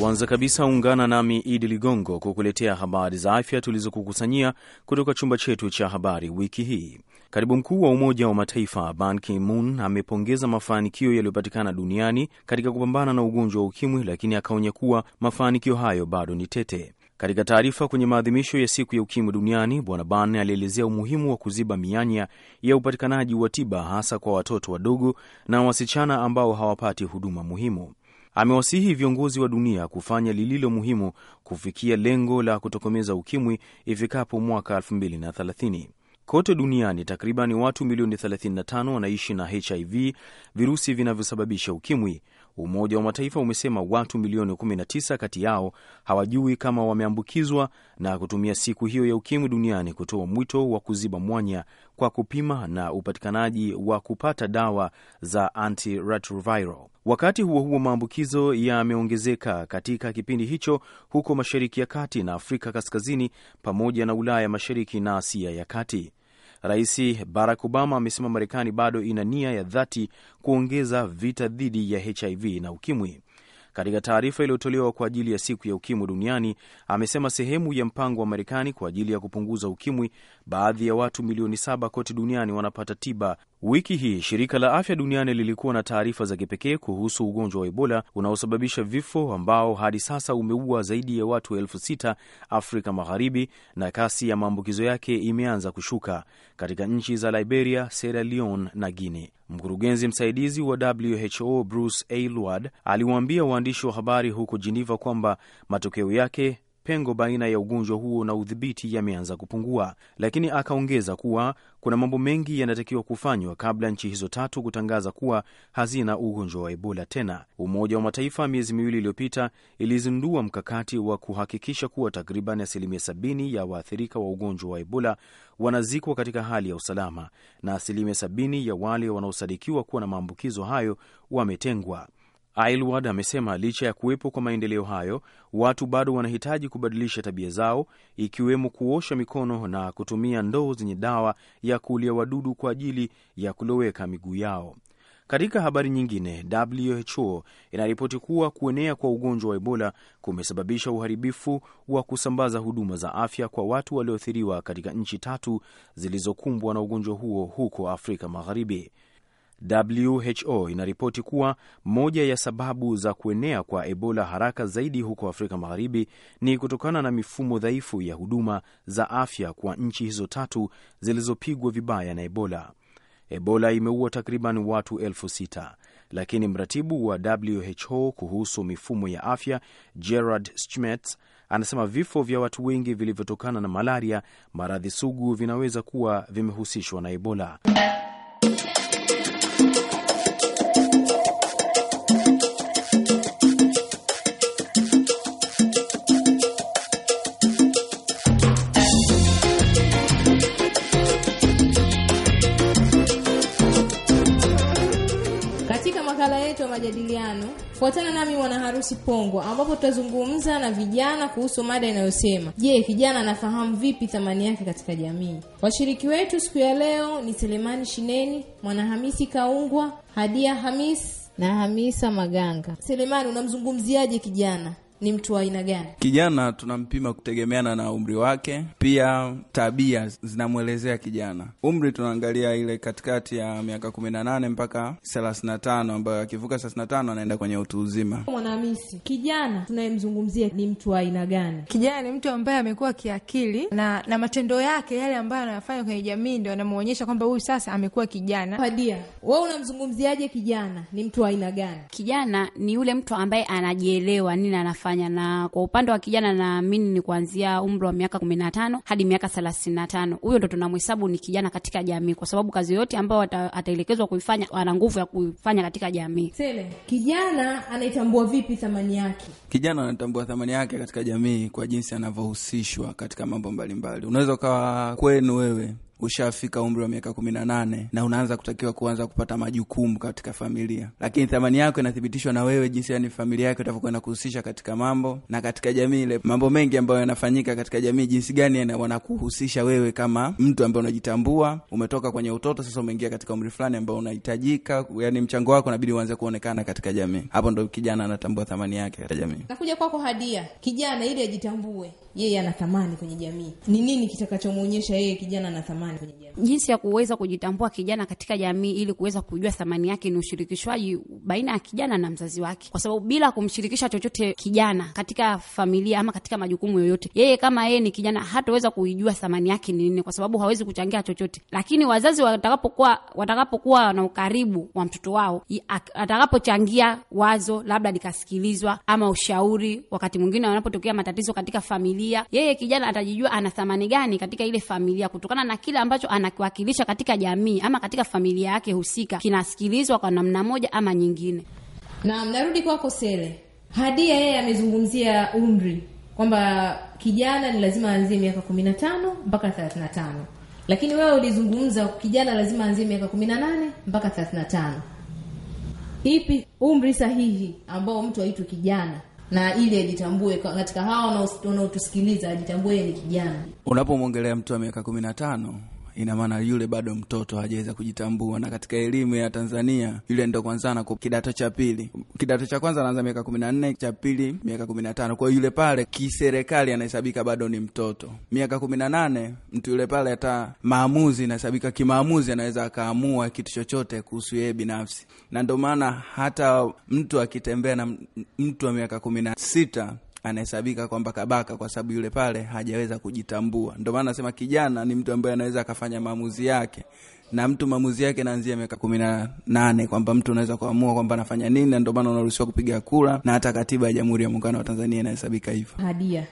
Kwanza kabisa ungana nami Idi Ligongo kukuletea habari za afya tulizokukusanyia kutoka chumba chetu cha habari wiki hii. Katibu mkuu wa Umoja wa Mataifa Ban Ki-moon amepongeza mafanikio yaliyopatikana duniani katika kupambana na ugonjwa wa ukimwi, lakini akaonya kuwa mafanikio hayo bado ni tete. Katika taarifa kwenye maadhimisho ya siku ya ukimwi duniani, Bwana Ban alielezea umuhimu wa kuziba mianya ya upatikanaji wa tiba hasa kwa watoto wadogo na wasichana ambao hawapati huduma muhimu. Amewasihi viongozi wa dunia kufanya lililo muhimu kufikia lengo la kutokomeza ukimwi ifikapo mwaka 2030. Kote duniani takriban watu milioni 35 wanaishi na HIV, virusi vinavyosababisha ukimwi. Umoja wa Mataifa umesema watu milioni 19 kati yao hawajui kama wameambukizwa, na kutumia siku hiyo ya ukimwi duniani kutoa mwito wa kuziba mwanya kwa kupima na upatikanaji wa kupata dawa za antiretroviral. Wakati huo huo, maambukizo yameongezeka katika kipindi hicho huko Mashariki ya Kati na Afrika Kaskazini pamoja na Ulaya Mashariki na Asia ya Kati. Rais Barack Obama amesema Marekani bado ina nia ya dhati kuongeza vita dhidi ya HIV na ukimwi. Katika taarifa iliyotolewa kwa ajili ya siku ya ukimwi duniani, amesema sehemu ya mpango wa Marekani kwa ajili ya kupunguza ukimwi, baadhi ya watu milioni saba kote duniani wanapata tiba Wiki hii shirika la afya duniani lilikuwa na taarifa za kipekee kuhusu ugonjwa wa Ebola unaosababisha vifo ambao hadi sasa umeua zaidi ya watu elfu sita Afrika Magharibi, na kasi ya maambukizo yake imeanza kushuka katika nchi za Liberia, Sierra Leone na Guinea. Mkurugenzi msaidizi wa WHO Bruce Aylward aliwaambia waandishi wa habari huko Geneva kwamba matokeo yake pengo baina ya ugonjwa huo na udhibiti yameanza kupungua, lakini akaongeza kuwa kuna mambo mengi yanatakiwa kufanywa kabla nchi hizo tatu kutangaza kuwa hazina ugonjwa wa Ebola tena. Umoja wa Mataifa miezi miwili iliyopita ilizindua mkakati wa kuhakikisha kuwa takriban asilimia sabini ya waathirika wa ugonjwa wa Ebola wanazikwa katika hali ya usalama na asilimia sabini ya wale wanaosadikiwa kuwa na maambukizo hayo wametengwa. Aylward amesema licha ya kuwepo kwa maendeleo hayo, watu bado wanahitaji kubadilisha tabia zao, ikiwemo kuosha mikono na kutumia ndoo zenye dawa ya kuulia wadudu kwa ajili ya kuloweka miguu yao. Katika habari nyingine, WHO inaripoti kuwa kuenea kwa ugonjwa wa Ebola kumesababisha uharibifu wa kusambaza huduma za afya kwa watu walioathiriwa katika nchi tatu zilizokumbwa na ugonjwa huo huko Afrika Magharibi. WHO inaripoti kuwa moja ya sababu za kuenea kwa Ebola haraka zaidi huko Afrika Magharibi ni kutokana na mifumo dhaifu ya huduma za afya kwa nchi hizo tatu zilizopigwa vibaya na Ebola. Ebola imeua takriban watu elfu sita lakini mratibu wa WHO kuhusu mifumo ya afya Gerard schmet anasema vifo vya watu wengi vilivyotokana na malaria, maradhi sugu, vinaweza kuwa vimehusishwa na Ebola. wa majadiliano, fuatana nami mwana Harusi Pongwa, ambapo tutazungumza na vijana kuhusu mada inayosema je, kijana anafahamu vipi thamani yake katika jamii? Washiriki wetu siku ya leo ni Selemani Shineni, Mwanahamisi Kaungwa, Hadia Hamis na Hamisa Maganga. Selemani, unamzungumziaje kijana? ni mtu wa aina gani? Kijana tunampima kutegemeana na umri wake, pia tabia zinamwelezea kijana. Umri tunaangalia ile katikati ya miaka kumi na nane mpaka thelathini na tano ambayo akivuka thelathini na tano anaenda kwenye utu uzima. Mwanahamisi, kijana tunayemzungumzia ni mtu wa aina gani? Kijana ni mtu ambaye amekuwa kiakili na na matendo yake yale ambayo anayafanya kwenye jamii ndo anamwonyesha kwamba huyu sasa amekuwa kijana. Padia, we unamzungumziaje kijana? Ni mtu wa aina gani? Kijana ni yule mtu ambaye anajielewa nini anafanya kufanya. Na kwa upande wa kijana, naamini ni kuanzia umri wa miaka kumi na tano hadi miaka thelathini na tano huyo ndo tunamhesabu ni kijana katika jamii, kwa sababu kazi yote ambayo ataelekezwa kuifanya ana nguvu ya kuifanya katika jamii. Sele, kijana anaitambua vipi thamani yake? Kijana anatambua thamani yake katika jamii kwa jinsi anavyohusishwa katika mambo mbalimbali. Unaweza ukawa kwenu wewe ushafika umri wa miaka kumi na nane na unaanza kutakiwa kuanza kupata majukumu katika familia, lakini thamani yako inathibitishwa na wewe, jinsi yani familia yako itavyokuwa kuhusisha katika mambo na katika jamii ile, mambo mengi ambayo yanafanyika katika jamii, jinsi gani wanakuhusisha wewe kama mtu ambaye unajitambua, umetoka kwenye utoto, sasa umeingia katika umri fulani ambao unahitajika, yani mchango wako nabidi uanze kuonekana katika jamii. Hapo ndo kijana anatambua thamani yake katika jamii. Nakuja kwako Hadia, kijana ili ajitambue yeye ana thamani kwenye jamii. Ni nini kitakachomwonyesha yeye kijana ana thamani kwenye jamii? Jinsi ya kuweza kujitambua kijana katika jamii ili kuweza kujua thamani yake ni ushirikishwaji baina ya kijana na mzazi wake, kwa sababu bila kumshirikisha chochote kijana katika familia ama katika majukumu yoyote, yeye kama yeye ni kijana hataweza kuijua thamani yake ni nini, kwa sababu hawezi kuchangia chochote. Lakini wazazi watakapokuwa watakapokuwa na ukaribu wa mtoto wao, atakapochangia wazo, labda likasikilizwa ama ushauri, wakati mwingine wanapotokea matatizo katika familia familia, yeye kijana atajijua ana thamani gani katika ile familia kutokana na kile ambacho anakiwakilisha katika jamii ama katika familia yake husika, kinasikilizwa kwa namna moja ama nyingine. Na mnarudi kwako Sele, Hadia yeye amezungumzia umri kwamba kijana ni lazima aanzie miaka kumi na tano mpaka thelathini na tano lakini wewe ulizungumza kijana lazima aanzie miaka kumi na nane mpaka thelathini na tano Ipi umri sahihi ambao mtu aitwe kijana na ili ajitambue katika hawa wanaotusikiliza, ajitambue ni kijana. Unapomwongelea mtu wa miaka kumi na tano ina maana yule bado mtoto hajaweza kujitambua, na katika elimu ya Tanzania yule ndo kwanza na kidato cha pili. Kidato cha kwanza anaanza miaka kumi na nne cha pili miaka kumi na tano Kwa yule pale kiserikali anahesabika bado ni mtoto. Miaka kumi na nane mtu yule pale hata maamuzi inahesabika kimaamuzi, anaweza akaamua kitu chochote kuhusu yeye binafsi, na ndo maana hata mtu akitembea na mtu wa miaka kumi na sita anahesabika kwamba kabaka kwa sababu yule pale hajaweza kujitambua. Ndio maana nasema kijana ni mtu ambaye anaweza akafanya maamuzi yake, na mtu maamuzi yake naanzia miaka kumi na nane kwamba mtu unaweza kuamua kwamba anafanya nini, na ndio maana unaruhusiwa kupiga kura, na hata katiba ya Jamhuri ya Muungano wa Tanzania inahesabika hivyo. Hadia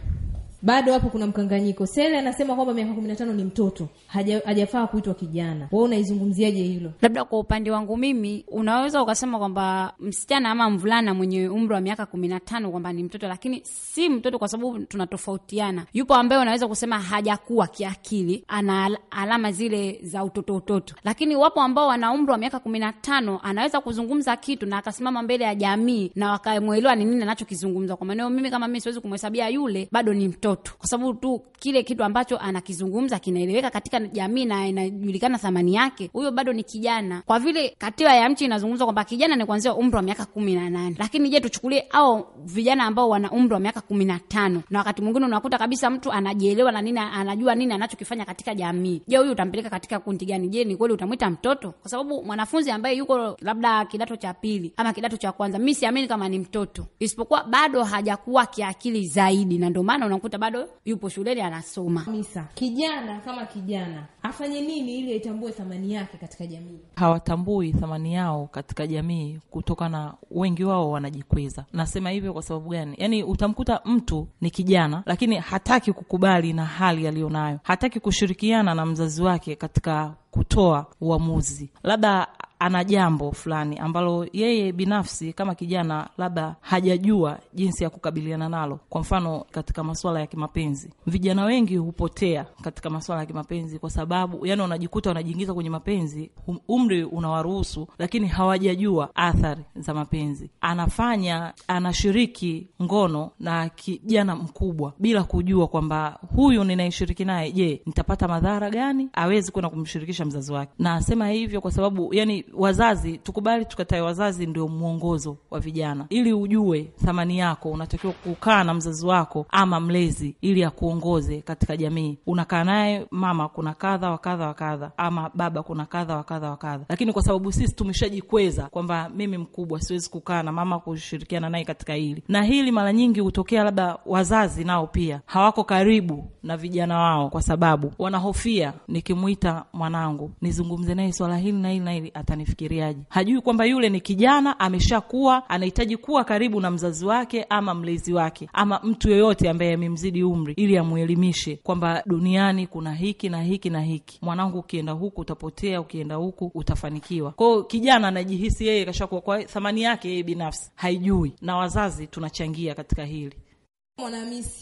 bado hapo kuna mkanganyiko. Sele anasema kwamba miaka kumi na tano ni mtoto, haja, hajafaa kuitwa kijana. Wewe unaizungumziaje hilo? Labda kwa upande wangu mimi, unaweza ukasema kwamba msichana ama mvulana mwenye umri wa miaka kumi na tano kwamba ni mtoto, lakini si mtoto kwa sababu tunatofautiana. Yupo ambaye unaweza kusema hajakuwa kiakili, ana alama zile za utoto utoto, lakini wapo ambao wana umri wa miaka kumi na tano anaweza kuzungumza kitu na akasimama mbele ya jamii na wakamwelewa ni nini anachokizungumza. Kwa maana mimi, kama mimi siwezi kumhesabia yule bado ni mtoto mtoto, kwa sababu tu kile kitu ambacho anakizungumza kinaeleweka katika jamii na inajulikana thamani yake, huyo bado ni kijana. Kwa vile katiba ya nchi inazungumza kwamba kijana ni kuanzia umri wa miaka kumi na nane, lakini je, tuchukulie au vijana ambao wana umri wa miaka kumi na tano na wakati mwingine unakuta kabisa mtu anajielewa na nini, anajua nini anachokifanya katika jamii. Je, huyu utampeleka katika kundi gani? Je, ni kweli utamwita mtoto? Kwa sababu mwanafunzi ambaye yuko labda kidato cha pili ama kidato cha kwanza, mi siamini kama ni mtoto, isipokuwa bado hajakuwa kiakili zaidi, na ndio maana unakuta unakuta bado yupo shuleni anasoma. Misa, kijana kama kijana afanye nini ili aitambue thamani yake katika jamii? Hawatambui thamani yao katika jamii, kutokana wengi wao wanajikweza. Nasema hivyo kwa sababu gani? Yaani utamkuta mtu ni kijana, lakini hataki kukubali na hali aliyonayo, hataki kushirikiana na mzazi wake katika kutoa uamuzi, labda ana jambo fulani ambalo yeye binafsi kama kijana labda hajajua jinsi ya kukabiliana nalo. Kwa mfano, katika masuala ya kimapenzi, vijana wengi hupotea katika masuala ya kimapenzi kwa sababu yani, wanajikuta wanajiingiza kwenye mapenzi, um-, umri unawaruhusu, lakini hawajajua athari za mapenzi. Anafanya, anashiriki ngono na kijana mkubwa bila kujua kwamba huyu ninaishiriki naye, je, nitapata madhara gani? Awezi kwenda kumshirikisha mzazi wake, na asema hivyo kwa sababu yani wazazi tukubali, tukatae, wazazi ndio mwongozo wa vijana. Ili ujue thamani yako, unatakiwa kukaa na mzazi wako ama mlezi ili akuongoze katika jamii. Unakaa naye mama, kuna kadha wa kadha wa kadha, ama baba, kuna kadha wa kadha wa kadha, lakini kwa sababu sisi tumeshajikweza kwamba mimi mkubwa, siwezi kukaa na mama kushirikiana naye katika hili na hili. Mara nyingi hutokea labda wazazi nao pia hawako karibu na vijana wao, kwa sababu wanahofia, nikimwita mwanangu nizungumze naye swala hili na hili na hili ata atanifikiriaje? Hajui kwamba yule ni kijana ameshakuwa, anahitaji kuwa karibu na mzazi wake ama mlezi wake ama mtu yoyote ambaye amemzidi umri, ili amwelimishe kwamba duniani kuna hiki na hiki na hiki. Mwanangu, ukienda huku utapotea, ukienda huku utafanikiwa. Kwao kijana anajihisi yeye kashakuwa, kwa thamani yake yeye binafsi haijui, na wazazi tunachangia katika hili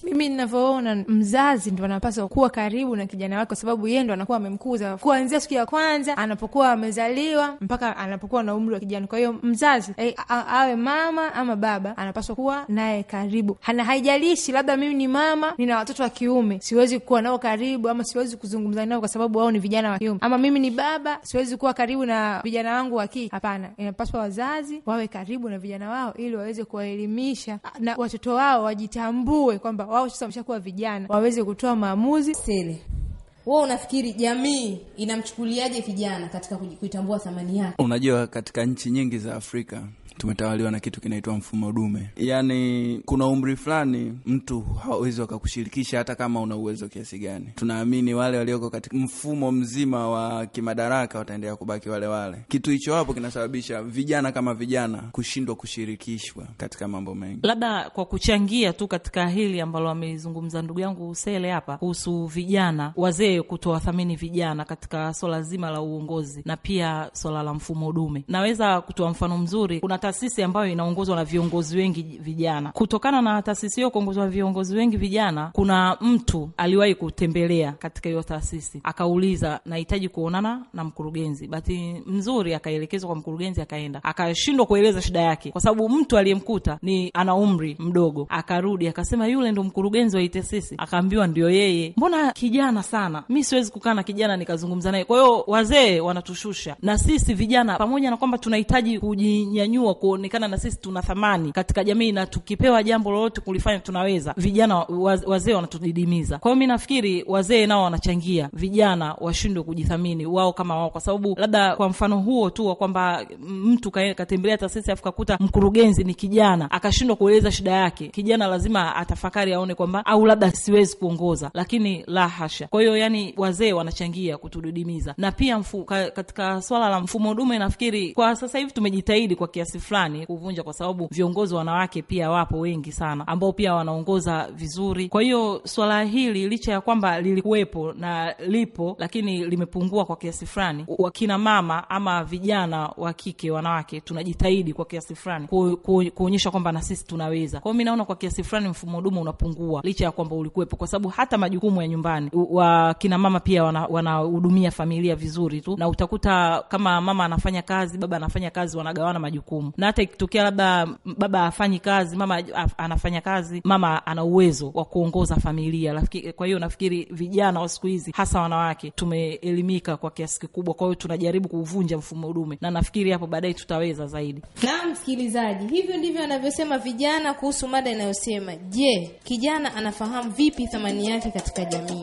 mimi ninavyoona, mzazi ndo anapaswa kuwa karibu na kijana wake, kwa sababu yeye ndo anakuwa amemkuza kuanzia siku ya kwanza anapokuwa amezaliwa mpaka anapokuwa na umri wa kijana. Kwa hiyo mzazi e, awe mama ama baba, anapaswa kuwa naye karibu, hana haijalishi labda mimi ni mama, nina watoto wa kiume, siwezi kuwa nao karibu ama siwezi kuzungumza nao kwa sababu wao ni vijana wa kiume, ama mimi ni baba, siwezi kuwa karibu na vijana wangu wa kike. Hapana, inapaswa wazazi wawe karibu na vijana wao ili waweze kuwaelimisha na watoto wao wajitambue watambue kwamba wao sasa wameshakuwa vijana waweze kutoa maamuzi. Sele, wewe unafikiri jamii inamchukuliaje vijana katika kuitambua thamani yake? Unajua, katika nchi nyingi za Afrika tumetawaliwa na kitu kinaitwa mfumo dume, yani kuna umri fulani mtu hawezi wakakushirikisha hata kama una uwezo kiasi gani. Tunaamini wale walioko katika mfumo mzima wa kimadaraka wataendelea kubaki wale wale. Kitu hicho hapo kinasababisha vijana kama vijana kushindwa kushirikishwa katika mambo mengi. Labda kwa kuchangia tu katika hili ambalo wamezungumza ndugu yangu Usele hapa kuhusu vijana, wazee kutowathamini vijana katika swala zima la uongozi na pia swala la mfumo dume, naweza kutoa mfano mzuri. Kuna taasisi ambayo inaongozwa na viongozi wengi vijana. Kutokana na taasisi hiyo kuongozwa na viongozi wengi vijana, kuna mtu aliwahi kutembelea katika hiyo taasisi akauliza, nahitaji kuonana na mkurugenzi. Bahati mzuri akaelekezwa kwa mkurugenzi, akaenda akashindwa kueleza shida yake, kwa sababu mtu aliyemkuta ni ana umri mdogo. Akarudi akasema, yule ndo mkurugenzi wa hii taasisi? Akaambiwa ndio yeye. Mbona kijana sana, mi siwezi kukaa na kijana nikazungumza naye. Kwa hiyo wazee wanatushusha na sisi vijana, pamoja na kwamba tunahitaji kujinyanyua kwa kuonekana na sisi tuna thamani katika jamii, na tukipewa jambo lolote kulifanya tunaweza. Vijana wazee wanatudidimiza. Kwa hiyo mi nafikiri wazee nao wanachangia vijana washindwe kujithamini wao kama wao, kwa sababu labda kwa mfano huo tu wa kwamba mtu katembelea taasisi afu kakuta mkurugenzi ni kijana akashindwa kueleza shida yake, kijana lazima atafakari aone kwamba au labda siwezi kuongoza, lakini la hasha. Kwa hiyo yani wazee wanachangia kutudidimiza, na pia mfu, katika swala la mfumo dume nafikiri kwa sasa hivi tumejitahidi kwa kiasi fulani kuvunja, kwa sababu viongozi wanawake pia wapo wengi sana ambao pia wanaongoza vizuri. Kwa hiyo swala hili licha ya kwamba lilikuwepo na lipo, lakini limepungua kwa kiasi fulani. Wakina mama ama vijana wa kike, wanawake, tunajitahidi kwa kiasi fulani kuonyesha kwamba na sisi tunaweza. Kwa hiyo mi naona kwa kiasi fulani mfumo dume unapungua licha ya kwamba ulikuwepo, kwa sababu hata majukumu ya nyumbani wakina mama pia wanahudumia wana familia vizuri tu, na utakuta kama mama anafanya kazi, baba anafanya kazi, wanagawana majukumu na hata ikitokea labda baba hafanyi kazi, mama anafanya kazi, mama ana uwezo wa kuongoza familia. Kwa hiyo nafikiri vijana wa siku hizi, hasa wanawake, tumeelimika kwa kiasi kikubwa, kwa hiyo tunajaribu kuuvunja mfumo dume, na nafikiri hapo baadaye tutaweza zaidi. Na msikilizaji, hivyo ndivyo anavyosema vijana kuhusu mada inayosema, je, kijana anafahamu vipi thamani yake katika jamii?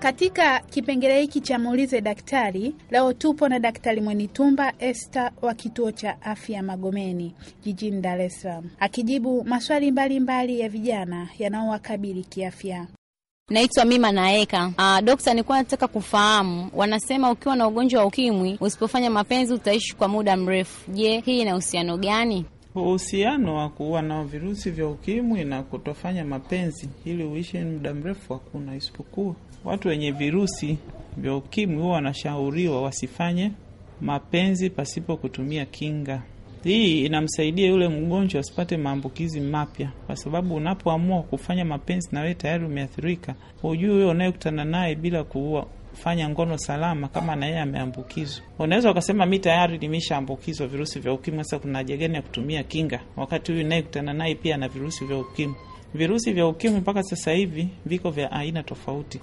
Katika kipengele hiki cha muulize daktari, leo tupo na Daktari Mwenitumba Esther wa kituo cha afya Magomeni jijini Dar es Salaam, akijibu maswali mbalimbali mbali ya vijana yanaowakabili kiafya. Naitwa Mima Naeka. Uh, dokta, nilikuwa nataka kufahamu, wanasema ukiwa na ugonjwa wa ukimwi usipofanya mapenzi utaishi kwa muda mrefu. Je, hii ina uhusiano gani? Uhusiano wa kuwa na virusi vya ukimwi na kutofanya mapenzi ili uishi muda mrefu hakuna, isipokuwa Watu wenye virusi vya ukimwi huwa wanashauriwa wasifanye mapenzi pasipo kutumia kinga. Hii inamsaidia yule mgonjwa asipate maambukizi mapya, kwa sababu unapoamua kufanya mapenzi na wewe tayari umeathirika. Hujui huyo unayekutana naye bila kuua fanya ngono salama kama na yeye ameambukizwa. Unaweza ukasema mi tayari nimeshaambukizwa virusi vya ukimwi, sasa kuna haja gani ya kutumia kinga wakati huyu nayekutana naye pia na virusi vya ukimwi? Virusi vya ukimwi mpaka sasa hivi viko vya aina tofauti.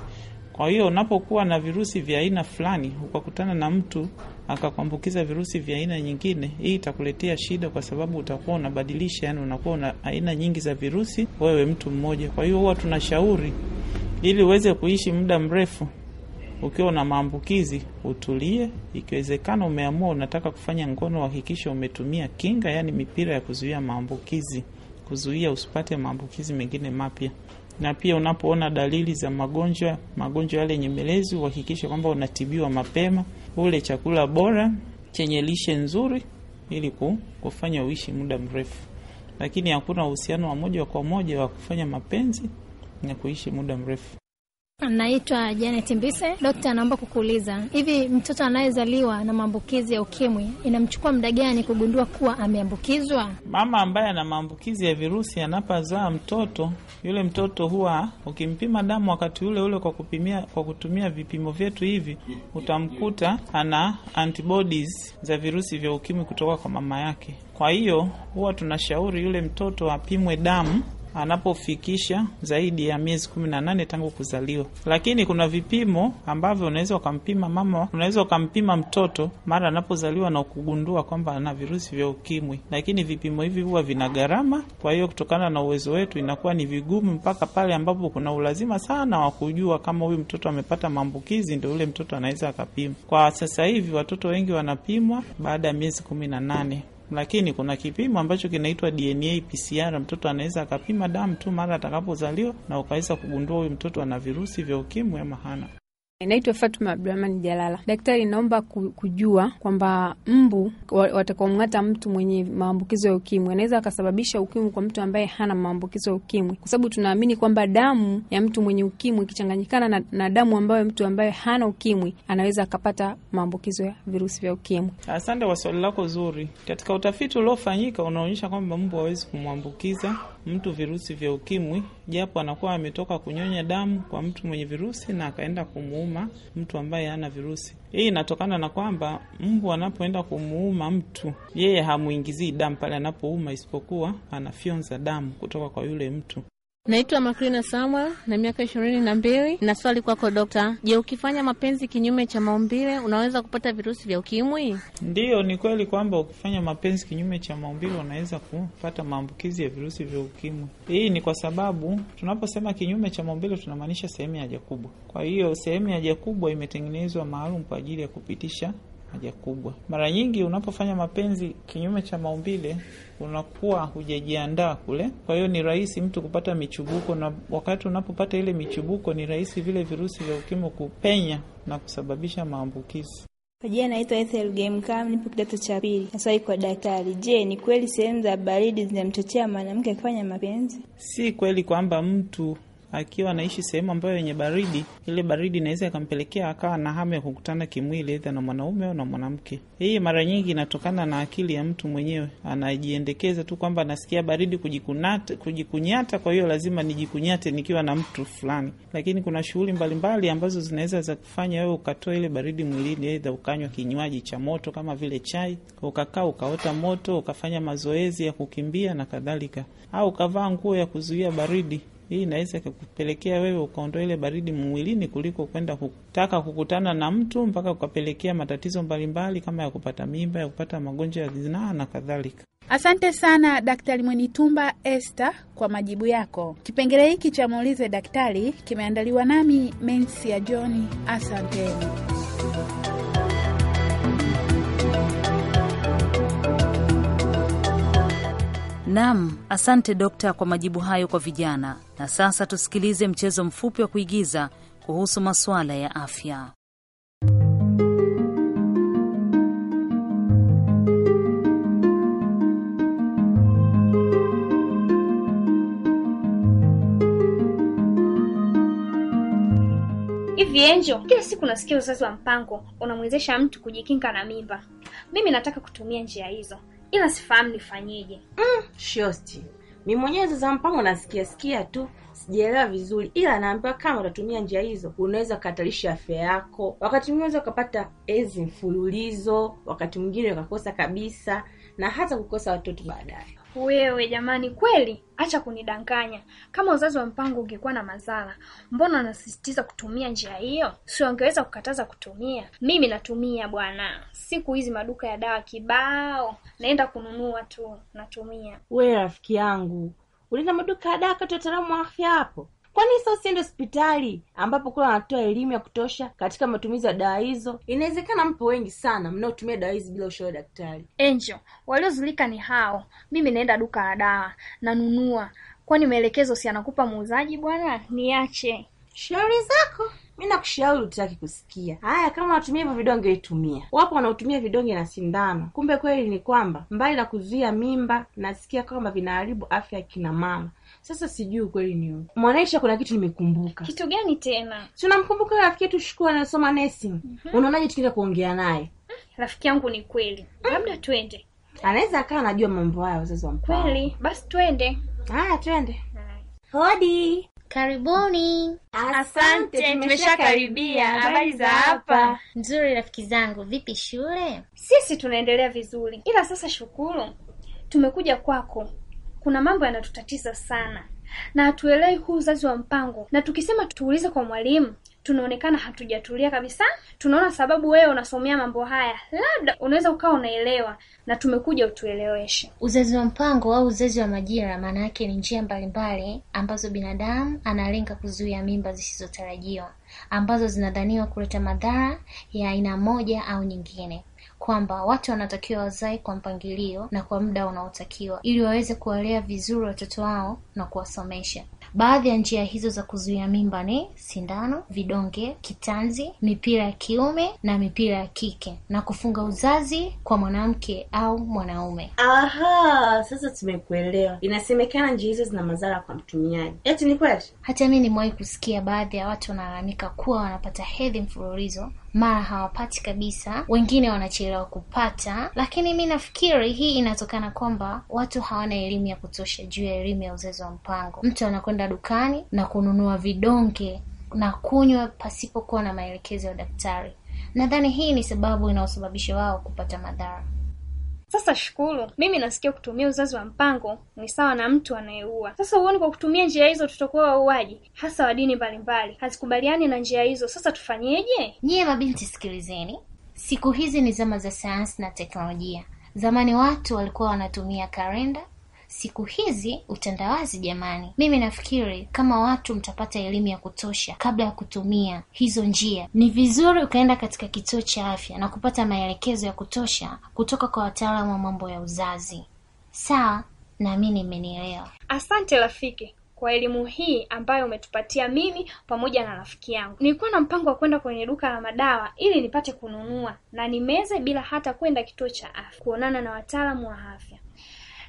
Kwa hiyo unapokuwa na virusi vya aina fulani ukakutana na mtu akakuambukiza virusi vya aina nyingine, hii itakuletea shida, kwa sababu utakuwa unabadilisha, yani unakuwa na aina nyingi za virusi, wewe mtu mmoja. Kwa hiyo huwa tunashauri ili uweze kuishi muda mrefu ukiwa na maambukizi utulie. Ikiwezekana umeamua unataka kufanya ngono, uhakikishe umetumia kinga, yaani mipira ya kuzuia maambukizi kuzuia usipate maambukizi mengine mapya. Na pia unapoona dalili za magonjwa magonjwa yale nyemelezi, uhakikishe kwamba unatibiwa mapema, ule chakula bora chenye lishe nzuri, ili kufanya uishi muda mrefu. Lakini hakuna uhusiano wa moja kwa moja wa kufanya mapenzi na kuishi muda mrefu. Naitwa Janet Mbise. Dokta, anaomba kukuuliza, hivi mtoto anayezaliwa na maambukizi ya ukimwi inamchukua muda gani kugundua kuwa ameambukizwa? Mama ambaye ana maambukizi ya virusi anapozaa mtoto yule, mtoto huwa ukimpima damu wakati ule ule kwa kupimia, kwa kutumia vipimo vyetu hivi utamkuta ana antibodies za virusi vya ukimwi kutoka kwa mama yake. Kwa hiyo huwa tunashauri yule mtoto apimwe damu anapofikisha zaidi ya miezi kumi na nane tangu kuzaliwa. Lakini kuna vipimo ambavyo unaweza ukampima mama, unaweza ukampima mtoto mara anapozaliwa na kugundua kwamba ana virusi vya ukimwi, lakini vipimo hivi huwa vina gharama. Kwa hiyo kutokana na uwezo wetu inakuwa ni vigumu mpaka pale ambapo kuna ulazima sana wa kujua kama huyu mtoto amepata maambukizi, ndio yule mtoto anaweza akapima. Kwa sasa hivi watoto wengi wanapimwa baada ya miezi kumi na nane lakini kuna kipimo ambacho kinaitwa DNA PCR. Mtoto anaweza akapima damu tu mara atakapozaliwa, na ukaweza kugundua huyu mtoto ana virusi vya ukimwi ama hana. Naitwa Fatuma Abdurahman Jalala. Daktari, naomba kujua kwamba mbu watakaomng'ata mtu mwenye maambukizo ya ukimwi anaweza akasababisha ukimwi kwa mtu ambaye hana maambukizo ya ukimwi, kwa sababu tunaamini kwamba damu ya mtu mwenye ukimwi ikichanganyikana na, na damu ambayo mtu ambaye hana ukimwi anaweza akapata maambukizo ya virusi vya ukimwi. Asante kwa swali lako zuri. Katika utafiti uliofanyika unaonyesha kwamba mbu hawezi kumwambukiza mtu virusi vya ukimwi, japo anakuwa ametoka kunyonya damu kwa mtu mwenye virusi na akaenda kumuuma mtu ambaye hana virusi. Hii inatokana na kwamba mbu anapoenda kumuuma mtu, yeye hamwingizii damu pale anapouma, isipokuwa anafyonza damu kutoka kwa yule mtu. Naitwa Makrina Samuel na miaka ishirini na mbili na swali kwako dokta. Je, ukifanya mapenzi kinyume cha maumbile unaweza kupata virusi vya ukimwi? Ndiyo, ni kweli kwamba ukifanya mapenzi kinyume cha maumbile unaweza kupata maambukizi ya virusi vya ukimwi. Hii ni kwa sababu tunaposema kinyume cha maumbile tunamaanisha sehemu ya haja kubwa. Kwa hiyo sehemu ya haja kubwa imetengenezwa maalum kwa ajili ya kupitisha haja kubwa. Mara nyingi unapofanya mapenzi kinyume cha maumbile unakuwa hujajiandaa kule, kwa hiyo ni rahisi mtu kupata michubuko, na wakati unapopata ile michubuko ni rahisi vile virusi vya ukimwi kupenya na kusababisha maambukizi. Pajia, naitwa Ethel Gemkam, nipo kidato cha pili. Naswali kwa daktari, je, ni kweli sehemu za baridi zinamchochea mwanamke kufanya mapenzi? Si kweli kwamba mtu akiwa anaishi sehemu ambayo yenye baridi, ile baridi inaweza ikampelekea akawa na hamu ya kukutana kimwili, aidha na mwanaume au na mwanamke. Hii mara nyingi inatokana na akili ya mtu mwenyewe, anajiendekeza tu kwamba anasikia baridi, kujikunata, kujikunyata, kwa hiyo lazima nijikunyate nikiwa na mtu fulani. Lakini kuna shughuli mbalimbali ambazo zinaweza za kufanya wewe ukatoa ile baridi mwilini, aidha ukanywa kinywaji cha moto kama vile chai, ukakaa ukaota moto, ukafanya mazoezi ya kukimbia na kadhalika, au ukavaa nguo ya kuzuia baridi hii inaweza kupelekea wewe ukaondoa ile baridi mwilini kuliko kwenda kutaka kukutana na mtu mpaka ukapelekea matatizo mbalimbali kama ya kupata mimba, ya kupata magonjwa ya zinaa na kadhalika. Asante sana Daktari Mwenitumba Esther kwa majibu yako. Kipengele hiki cha muulize daktari kimeandaliwa nami Mensi ya John. Asanteni. Naam, asante dokta kwa majibu hayo kwa vijana. Na sasa tusikilize mchezo mfupi wa kuigiza kuhusu masuala ya afya. Hivi enjo kila siku nasikia uzazi wa mpango unamwezesha mtu kujikinga na mimba. Mimi nataka kutumia njia hizo ila sifahamu nifanyeje. Mm, shosti mi mwenyewe sasa mpango nasikia sikia tu sijaelewa vizuri, ila naambiwa kama utatumia njia hizo unaweza ukahatarisha afya yako. Wakati mwingine unaweza ukapata ezi mfululizo, wakati mwingine ukakosa kabisa, na hata kukosa watoto baadaye. Wewe jamani, kweli acha kunidanganya. Kama uzazi wa mpango ungekuwa na madhara, mbona unasisitiza kutumia njia hiyo? Si wangeweza kukataza kutumia? Mimi natumia bwana, siku hizi maduka ya dawa kibao, naenda kununua tu, natumia. Wewe rafiki yangu, ulina maduka ya dawa kati wataalamu wa afya hapo? Kwani sio usiende hospitali ambapo kule wanatoa elimu ya kutosha katika matumizi ya dawa hizo? Inawezekana mpo wengi sana mnaotumia dawa hizi bila ushauri wa daktari. enjo waliozulika ni hao. Mimi naenda duka la dawa nanunua, kwani maelekezo si anakupa muuzaji bwana? Niache shauri zako mi nakushauri utaki kusikia haya. Kama unatumia hivyo vidonge, itumia. Wapo wanaotumia vidonge na sindano, kumbe kweli ni kwamba mbali na kuzuia mimba, nasikia kwamba vinaharibu afya ya kina mama. Sasa sijui ukweli ni Mwanaisha, kuna kitu nimekumbuka. Kitu gani tena? Tunamkumbuka rafiki yetu Shukuru anasoma nesi mm -hmm. Unaonaje tukienda kuongea naye? Mm-hmm. Rafiki yangu ni kweli. mm. Labda twende, anaweza akawa anajua mambo hayo. Wazazi wa kweli. Basi twende. Haya, twende. Hodi. Karibuni. Asante, tumeshakaribia. Habari za hapa? Nzuri rafiki zangu, vipi shule? Sisi tunaendelea vizuri, ila sasa Shukuru, tumekuja kwako kuna mambo yanatutatiza sana na hatuelewi huu uzazi wa mpango, na tukisema tuulize kwa mwalimu tunaonekana hatujatulia kabisa. Tunaona sababu wewe unasomea mambo haya, labda unaweza ukawa unaelewa, na tumekuja utueleweshe. Uzazi wa mpango au uzazi wa majira, maana yake ni njia mbalimbali ambazo binadamu analenga kuzuia mimba zisizotarajiwa ambazo zinadhaniwa kuleta madhara ya aina moja au nyingine kwamba watu wanatakiwa wazae kwa mpangilio na kwa muda unaotakiwa ili waweze kuwalea vizuri watoto wao na kuwasomesha Baadhi ya njia hizo za kuzuia mimba ni sindano, vidonge, kitanzi, mipira ya kiume na mipira ya kike, na kufunga uzazi kwa mwanamke au mwanaume. Aha, sasa tumekuelewa. Inasemekana njia hizo zina madhara kwa mtumiaji. Eti ni kweli? Hata mi nimewahi kusikia baadhi ya watu wanalalamika kuwa wanapata hedhi mfululizo mara hawapati kabisa, wengine wanachelewa kupata. Lakini mi nafikiri hii inatokana kwamba watu hawana elimu ya kutosha juu ya elimu ya uzazi wa mpango. Mtu anakwenda dukani na kununua vidonge na kunywa pasipokuwa na maelekezo ya daktari. Nadhani hii ni sababu inayosababisha wao kupata madhara. Sasa Shukuru, mimi nasikia kutumia uzazi wa mpango ni sawa na mtu anayeua. Sasa huoni kwa kutumia njia hizo tutakuwa wauaji, hasa wa dini mbalimbali. Hazikubaliani na njia hizo, sasa tufanyeje? Nyie mabinti, sikilizeni, siku hizi ni zama za sayansi na teknolojia. Zamani watu walikuwa wanatumia kalenda Siku hizi utandawazi jamani, mimi nafikiri kama watu mtapata elimu ya kutosha kabla ya kutumia hizo njia, ni vizuri ukaenda katika kituo cha afya na kupata maelekezo ya kutosha kutoka kwa wataalamu wa mambo ya uzazi. Sawa, naamini mmenielewa. Asante rafiki kwa elimu hii ambayo umetupatia mimi pamoja na rafiki yangu. Nilikuwa na mpango wa kwenda kwenye duka la madawa ili nipate kununua na nimeze bila hata kwenda kituo cha afya kuonana na wataalamu wa afya.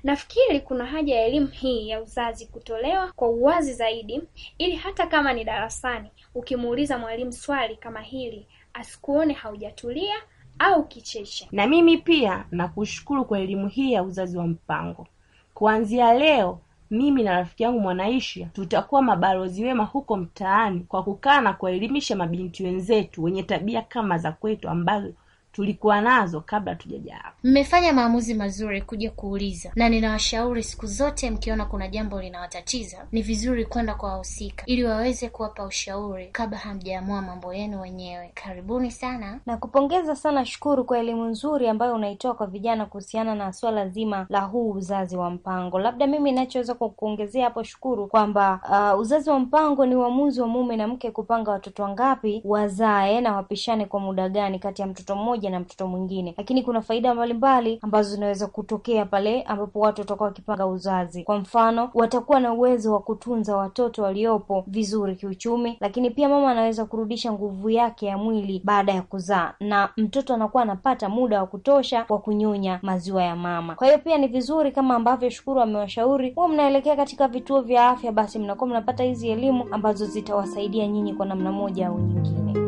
Nafikiri kuna haja ya elimu hii ya uzazi kutolewa kwa uwazi zaidi ili hata kama ni darasani ukimuuliza mwalimu swali kama hili asikuone haujatulia au kicheche. Na mimi pia nakushukuru kwa elimu hii ya uzazi wa mpango. Kuanzia leo mimi na rafiki yangu Mwanaisha tutakuwa mabalozi wema huko mtaani kwa kukaa na kuwaelimisha mabinti wenzetu wenye tabia kama za kwetu ambazo tulikuwa nazo kabla tujaja hapa. Mmefanya maamuzi mazuri kuja kuuliza, na ninawashauri siku zote, mkiona kuna jambo linawatatiza, ni vizuri kwenda kwa wahusika ili waweze kuwapa ushauri kabla hamjaamua mambo yenu wenyewe. Karibuni sana na kupongeza sana Shukuru kwa elimu nzuri ambayo unaitoa kwa vijana kuhusiana na swala zima la huu uzazi wa mpango. Labda mimi inachoweza kwa kuongezea hapo Shukuru kwamba uh, uzazi wa mpango ni uamuzi wa mume na mke kupanga watoto wangapi wazae na wapishane kwa muda gani kati ya mtoto mmoja mmoja na mtoto mwingine, lakini kuna faida mbalimbali ambazo zinaweza kutokea pale ambapo watu watakuwa wakipanga uzazi. Kwa mfano, watakuwa na uwezo wa kutunza watoto waliopo vizuri kiuchumi, lakini pia mama anaweza kurudisha nguvu yake ya mwili baada ya kuzaa, na mtoto anakuwa anapata muda wa kutosha wa kunyonya maziwa ya mama. Kwa hiyo pia ni vizuri kama ambavyo Shukuru amewashauri, huwa mnaelekea katika vituo vya afya, basi mnakuwa mnapata hizi elimu ambazo zitawasaidia nyinyi kwa namna moja au nyingine.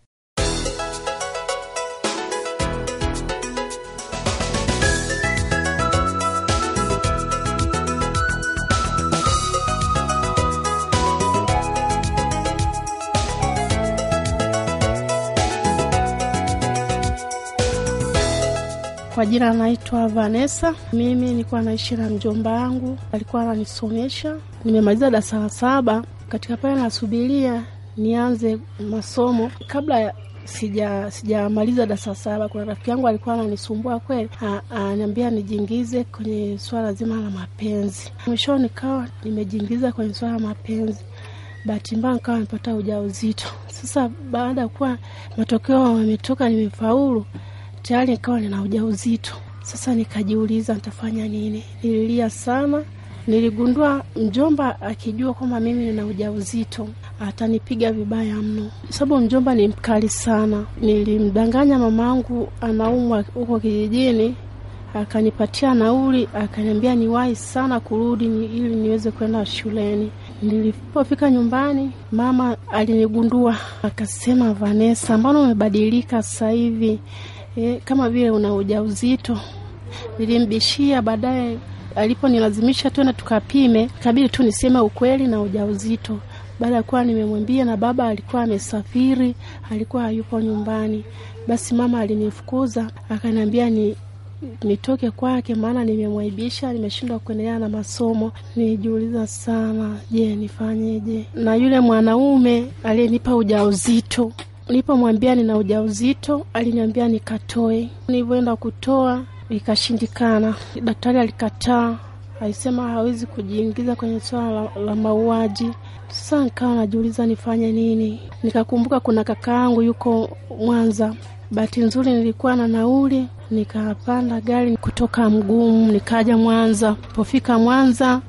Kwa jina naitwa Vanessa. Mimi nilikuwa naishi na mjomba wangu, alikuwa ananisomesha. Nimemaliza darasa la saba, katika pale nasubiria nianze masomo kabla sija sijamaliza darasa saba, kuna rafiki yangu alikuwa ananisumbua kweli, ananiambia nijiingize kwenye swala zima la mapenzi. Mwishoni nikawa nimejiingiza kwenye swala la mapenzi, bahati mbaya nikawa nimepata ujauzito. Sasa baada ya kuwa matokeo yametoka, nimefaulu tayari nikawa nina ujauzito. Sasa nikajiuliza nitafanya nini, nililia sana. Niligundua mjomba akijua kwamba mimi nina ujauzito atanipiga vibaya mno, sababu mjomba ni mkali sana. Nilimdanganya mamangu anaumwa huko kijijini, akanipatia nauli, akaniambia niwahi sana kurudi ili niweze kwenda shuleni. Nilipofika nyumbani, mama alinigundua akasema, Vanessa, mbona umebadilika sasa hivi? e, kama vile una ujauzito. Nilimbishia, baadaye aliponilazimisha tena tukapime, kabidi tu niseme ukweli na ujauzito. Baada ya kuwa nimemwambia, na baba alikuwa amesafiri, alikuwa hayupo nyumbani, basi mama alinifukuza akaniambia ni nitoke kwake, maana nimemwaibisha, nimeshindwa kuendelea na masomo. Nijiuliza sana, je, nifanyeje? Na yule mwanaume aliyenipa ujauzito Nilipomwambia nina ujauzito, aliniambia nikatoe. Nilivyoenda kutoa ikashindikana, daktari alikataa, alisema hawezi kujiingiza kwenye swala la, la mauaji. Sasa nikawa najiuliza nifanye nini, nikakumbuka kuna kaka yangu yuko Mwanza. Bahati nzuri nilikuwa na nauli, nikapanda gari kutoka Mgumu nikaja Mwanza. Pofika Mwanza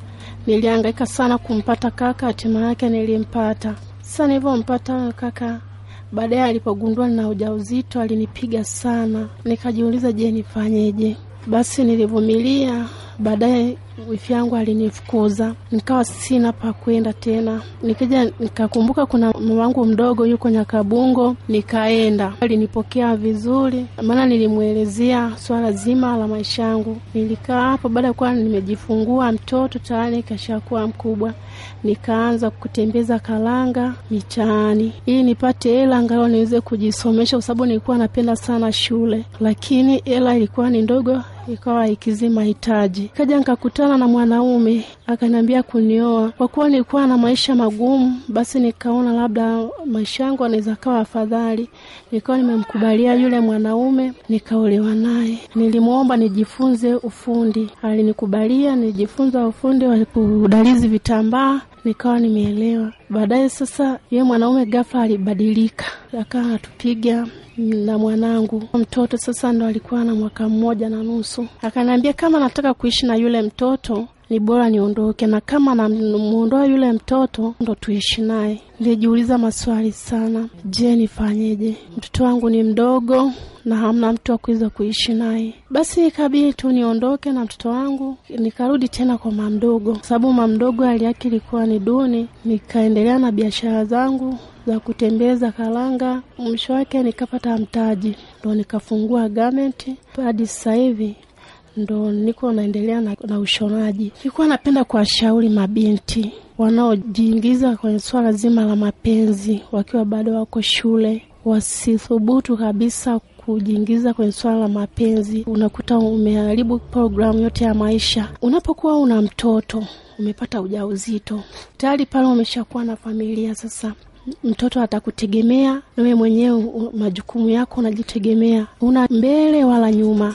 niliangaika sana kumpata kaka, hatima yake nilimpata. Sasa nilivyompata kaka Baadaye alipogundua nina ujauzito alinipiga sana, nikajiuliza, je, nifanyeje? Basi nilivumilia Baadaye wifi yangu alinifukuza, nikawa sina pa kwenda tena. Nikija nikakumbuka kuna mama wangu mdogo yuko Nyakabungo, nikaenda. Alinipokea vizuri, maana nilimwelezea swala zima la maisha yangu. Nilikaa hapo, baada ya kuwa nimejifungua mtoto tayari kashakuwa mkubwa, nikaanza kutembeza kalanga mitaani ili nipate hela ngao niweze kujisomesha, kwa sababu nilikuwa napenda sana shule, lakini hela ilikuwa ni ndogo ikawa ikizima hitaji. Kaja nikakutana na mwanaume akaniambia kunioa. Kwa kuwa nilikuwa na maisha magumu, basi nikaona labda maisha yangu anaweza kawa afadhali, nikawa nimemkubalia yule mwanaume, nikaolewa naye. Nilimwomba nijifunze ufundi, alinikubalia nijifunza ufundi wa kudalizi vitambaa nikawa nimeelewa. Baadaye sasa, ye mwanaume ghafla alibadilika, akawa anatupiga na mwanangu mtoto. Sasa ndo alikuwa na mwaka mmoja na nusu, akaniambia kama nataka kuishi na yule mtoto ni bora niondoke, na kama namuondoa yule mtoto ndo tuishi naye. Nilijiuliza maswali sana, je, nifanyeje? Mtoto wangu ni mdogo na hamna mtu wa kuweza kuishi naye. Basi ikabidi tu niondoke na mtoto wangu, nikarudi tena kwa mamdogo, kwa sababu mamdogo hali yake ilikuwa ni duni. Nikaendelea na biashara zangu za kutembeza karanga, mwisho wake nikapata mtaji, ndo nikafungua gamenti hadi sasa hivi ndo niko naendelea na, na ushonaji. Nilikuwa napenda kuwashauri mabinti wanaojiingiza kwenye swala zima la mapenzi wakiwa bado wako shule, wasithubutu kabisa kujiingiza kwenye swala la mapenzi. Unakuta umeharibu programu yote ya maisha. Unapokuwa una mtoto, umepata ujauzito tayari, pale umeshakuwa na familia sasa mtoto atakutegemea, nawe mwenyewe majukumu yako unajitegemea, una mbele wala nyuma.